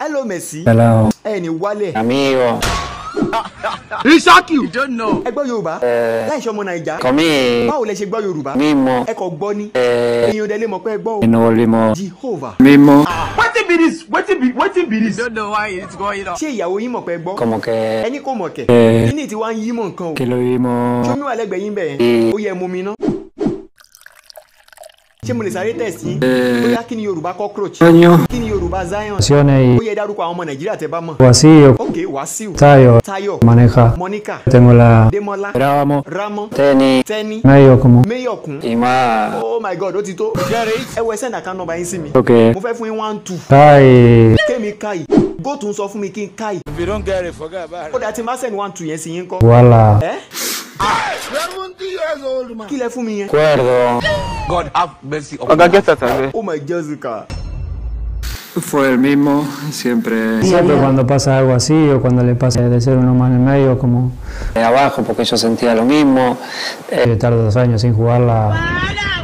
hello Messi. hello. ni wale. amigo. Isaki. you don't know. ẹ gbọ́ Yorùbá. Eh. láì sọ ọmọ Naija. kọ́mí. báwo lẹ ṣe gbọ́ Yorùbá. mi mọ̀. ẹ kò gbọ́ ni. Eh. ẹyin ọdẹ lè mọ̀ pé ẹ gbọ́ o. inú wọlé mọ. Jehovah. mi mọ̀. Ah. wetin be this wetin be wetin be this. don't know why it's going on. ṣé ìyàwó yín mọ̀ pé ẹ gbọ́. kọ̀mọ̀kẹ́. ẹni kò mọ̀ eh. Ni kíni tiwa ń yí mọ̀ nǹkan o. kí ló yí mọ̀. sọmi wà lẹ́gbẹ̀ẹ́ yín bẹ́ẹ̀. ó yẹ mumi náà ṣé mo lè sáré tẹ̀sí. Eh. bóyá kí ni yorùbá cockroach. kí ni yorùbá zion. sione yi. ó yẹ dárúkọ àwọn ọmọ nàìjíríà tẹ bá mọ̀. wàsíù. ok wàsíù. tayo. tayo. maneja. monica. temola. demola. ramo. ramo. tẹni. tẹni. mẹyọkun. mẹyọkun. ìmọ̀. oh my god ó ti tó. jẹ́rìí. ẹ wẹ sẹ́ńdà kan nọmba yín sí mi. ok. Aquí le fumé? De God have Oh my Jessica. Fue el mismo, siempre. Siempre cuando pasa algo así o cuando le pasa de ser uno más en medio, como. De abajo, porque yo sentía lo mismo. Eh, estar dos años sin jugarla. ¡Para!